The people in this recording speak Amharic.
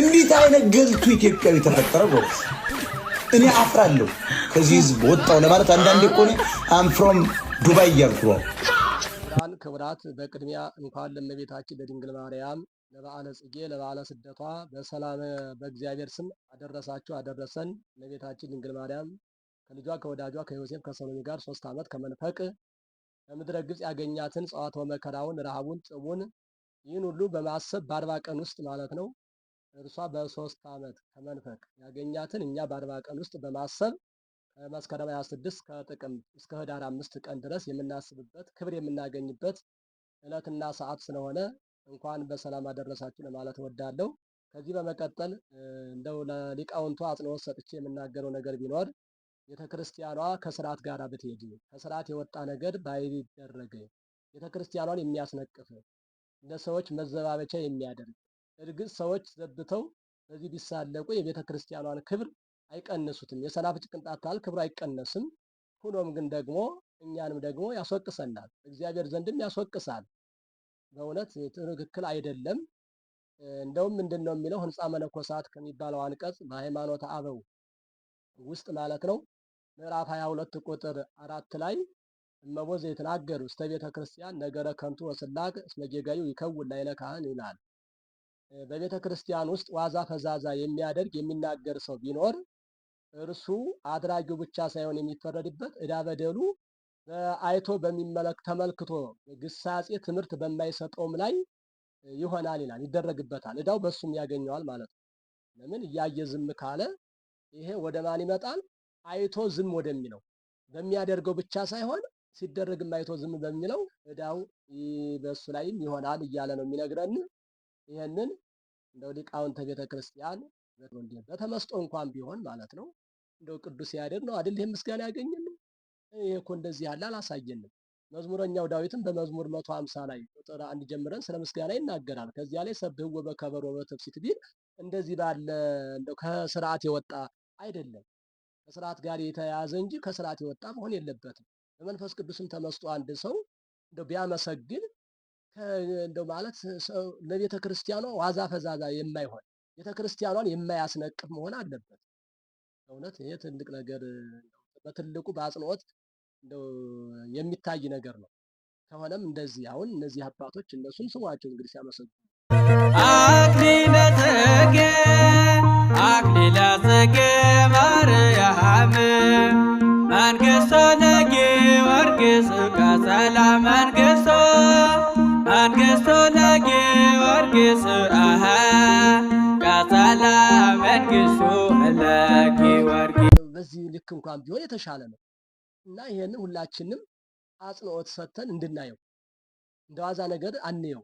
እንዴት አይነት ገልቱ ኢትዮጵያዊ ተፈጠረ ጎበዝ። እኔ አፍራለሁ ከዚህ ህዝብ ወጣው ለማለት አንዳንዴ እኮ እኔ አም ፍሮም ዱባይ እያልኩ ነው። ክብራት በቅድሚያ እንኳን ለመቤታችን ለድንግል ማርያም ለበዓለ ጽጌ ለበዓለ ስደቷ በሰላም በእግዚአብሔር ስም አደረሳችሁ አደረሰን። እመቤታችን ድንግል ማርያም ከልጇ ከወዳጇ ከዮሴፍ ከሰሎሜ ጋር ሶስት ዓመት ከመንፈቅ ከምድረ ግብፅ ያገኛትን ጸዋትወ መከራውን፣ ረሃቡን፣ ጥሙን ይህን ሁሉ በማሰብ በአርባ ቀን ውስጥ ማለት ነው እርሷ በሶስት ዓመት ከመንፈቅ ያገኛትን እኛ በአርባ ቀን ውስጥ በማሰብ ከመስከረም 26 ከጥቅምት እስከ ህዳር አምስት ቀን ድረስ የምናስብበት ክብር የምናገኝበት ዕለትና ሰዓት ስለሆነ እንኳን በሰላም አደረሳችሁ ለማለት ወዳለው። ከዚህ በመቀጠል እንደው ለሊቃውንቱ አጽንኦት ሰጥቼ የምናገረው ነገር ቢኖር ቤተ ክርስቲያኗ ከስርዓት ጋር ብትሄድ ከስርዓት የወጣ ነገር ባይደረግ ቤተ ክርስቲያኗን የሚያስነቅፍ ለሰዎች መዘባበቻ የሚያደርግ እርግጥ ሰዎች ዘብተው በዚህ ቢሳለቁ የቤተ ክርስቲያኗን ክብር አይቀንሱትም። የሰናፍጭ ቅንጣት ታህል ክብር አይቀነስም። ሁኖም ግን ደግሞ እኛንም ደግሞ ያስወቅሰናል፣ እግዚአብሔር ዘንድም ያስወቅሳል። በእውነት ትክክል አይደለም። እንደውም ምንድን ነው የሚለው ሕንፃ መነኮሳት ከሚባለው አንቀጽ በሃይማኖት አበው ውስጥ ማለት ነው ምዕራፍ 22 ቁጥር አራት ላይ እመቦዝ የተናገሩ እስተ ቤተ ክርስቲያን ነገረ ከንቱ ወስላቅ እስመጌጋዩ ይከውን ላዕለ ካህን ይላል። በቤተ ክርስቲያን ውስጥ ዋዛ ፈዛዛ የሚያደርግ የሚናገር ሰው ቢኖር እርሱ አድራጊው ብቻ ሳይሆን የሚፈረድበት እዳ በደሉ አይቶ በሚመለክ ተመልክቶ ግሳጼ ትምህርት በማይሰጠውም ላይ ይሆናል ይላል፣ ይደረግበታል። እዳው በሱም ያገኘዋል ማለት ነው። ለምን እያየ ዝም ካለ ይሄ ወደ ማን ይመጣል? አይቶ ዝም ወደሚለው በሚያደርገው ብቻ ሳይሆን ሲደረግም አይቶ ዝም በሚለው እዳው በሱ ላይም ይሆናል እያለ ነው የሚነግረን። ይህንን እንደው ሊቃውንተ ቤተ ክርስቲያን በተመስጦ እንኳን ቢሆን ማለት ነው እንደው ቅዱስ ያደር ነው አይደል ይህን ምስጋና ያገኘን። ይህ እኮ እንደዚህ ያለ አላሳየንም። መዝሙረኛው ዳዊትም በመዝሙር መቶ ሀምሳ ላይ ቁጥር አንድ ጀምረን ስለ ምስጋና ይናገራል። ከዚያ ላይ ሰብህወ በከበሮ በትፍሲት ቢል እንደዚህ ባለ እንደው ከስርዓት የወጣ አይደለም። ከስርዓት ጋር የተያያዘ እንጂ ከስርዓት የወጣ መሆን የለበትም። በመንፈስ ቅዱስም ተመስጦ አንድ ሰው እንደው ቢያመሰግን እንደው ማለት ለቤተ ክርስቲያኗ ዋዛ ፈዛዛ የማይሆን ቤተ ክርስቲያኗን የማያስነቅፍ መሆን አለበት። እውነት ይሄ ትልቅ ነገር በትልቁ በአጽንኦት እንደው የሚታይ ነገር ነው። ከሆነም እንደዚህ አሁን እነዚህ አባቶች እነሱም ስሟቸው እንግዲህ ሲያመሰግኑ አክሊለ ጽጌ አክሊለ ጽጌ ማርያም መንግሥቶ ለጊዮርጊስ ቀጸላ መንግሥቶ በዚህ ልክ እንኳን ቢሆን የተሻለ ነው እና ይሄንን ሁላችንም አጽንኦት ሰጥተን እንድናየው እንደዋዛ ነገር አንየው።